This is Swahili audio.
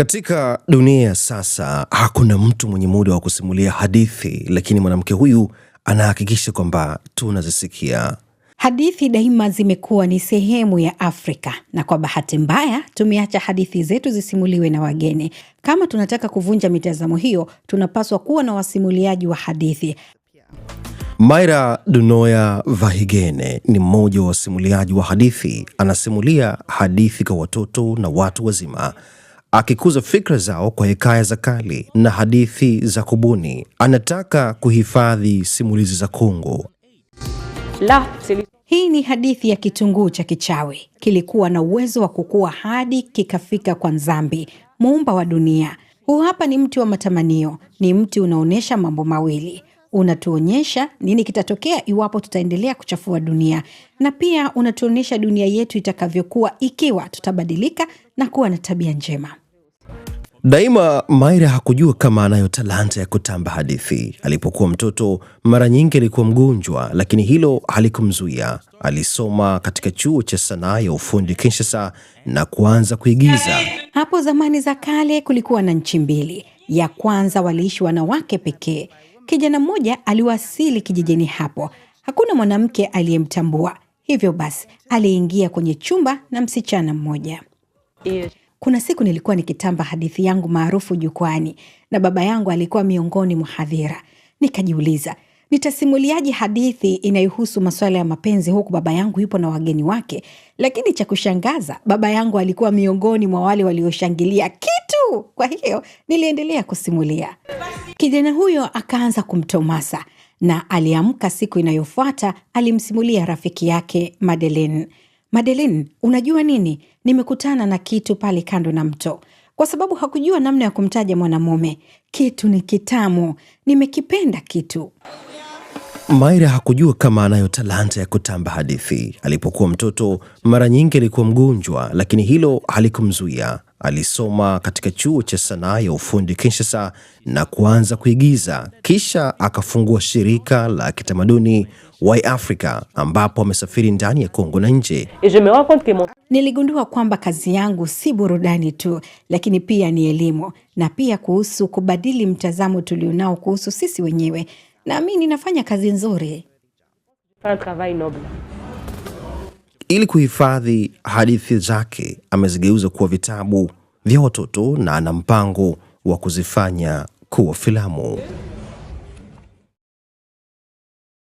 Katika dunia ya sasa hakuna mtu mwenye muda wa kusimulia hadithi, lakini mwanamke huyu anahakikisha kwamba tunazisikia. Hadithi daima zimekuwa ni sehemu ya Afrika, na kwa bahati mbaya tumeacha hadithi zetu zisimuliwe na wageni. Kama tunataka kuvunja mitazamo hiyo, tunapaswa kuwa na wasimuliaji wa hadithi. Maira Dunoya Vahigene ni mmoja wa wasimuliaji wa hadithi, anasimulia hadithi kwa watoto na watu wazima akikuza fikra zao kwa hekaya za kale na hadithi za kubuni. Anataka kuhifadhi simulizi za kungu Hii ni hadithi ya kitunguu cha kichawi. Kilikuwa na uwezo wa kukua hadi kikafika kwa Nzambi, muumba wa dunia. Huu hapa ni mti wa matamanio, ni mti unaonyesha mambo mawili unatuonyesha nini kitatokea iwapo tutaendelea kuchafua dunia, na pia unatuonyesha dunia yetu itakavyokuwa ikiwa tutabadilika na kuwa na tabia njema. Daima Maira hakujua kama anayo talanta ya kutamba hadithi. Alipokuwa mtoto, mara nyingi alikuwa mgonjwa, lakini hilo halikumzuia. Alisoma katika chuo cha sanaa ya ufundi Kinshasa na kuanza kuigiza. Hapo zamani za kale kulikuwa na nchi mbili. Ya kwanza waliishi wanawake pekee. Kijana mmoja aliwasili kijijini hapo, hakuna mwanamke aliyemtambua. Hivyo basi aliingia kwenye chumba na msichana mmoja. Kuna siku nilikuwa nikitamba hadithi yangu maarufu jukwani na baba yangu alikuwa miongoni mwa hadhira. Nikajiuliza, nitasimuliaji hadithi inayohusu masuala ya mapenzi huku baba yangu yupo na wageni wake? Lakini cha kushangaza, baba yangu alikuwa miongoni mwa wale walioshangilia kitu. Kwa hiyo niliendelea kusimulia. Kijana huyo akaanza kumtomasa na aliamka siku inayofuata, alimsimulia rafiki yake Madeleine madelin unajua nini, nimekutana na kitu pale kando na mto, kwa sababu hakujua namna ya kumtaja mwanamume. Kitu ni kitamu, nimekipenda kitu. Maira hakujua kama anayo talanta ya kutamba hadithi. Alipokuwa mtoto, mara nyingi alikuwa mgonjwa, lakini hilo halikumzuia. Alisoma katika chuo cha sanaa ya ufundi Kinshasa na kuanza kuigiza, kisha akafungua shirika la kitamaduni Wai Africa ambapo amesafiri ndani ya Kongo na nje. Niligundua kwamba kazi yangu si burudani tu, lakini pia ni elimu na pia kuhusu kubadili mtazamo tulionao kuhusu sisi wenyewe naamini nafanya kazi nzuri. Ili kuhifadhi hadithi zake, amezigeuza kuwa vitabu vya watoto na ana mpango wa kuzifanya kuwa filamu.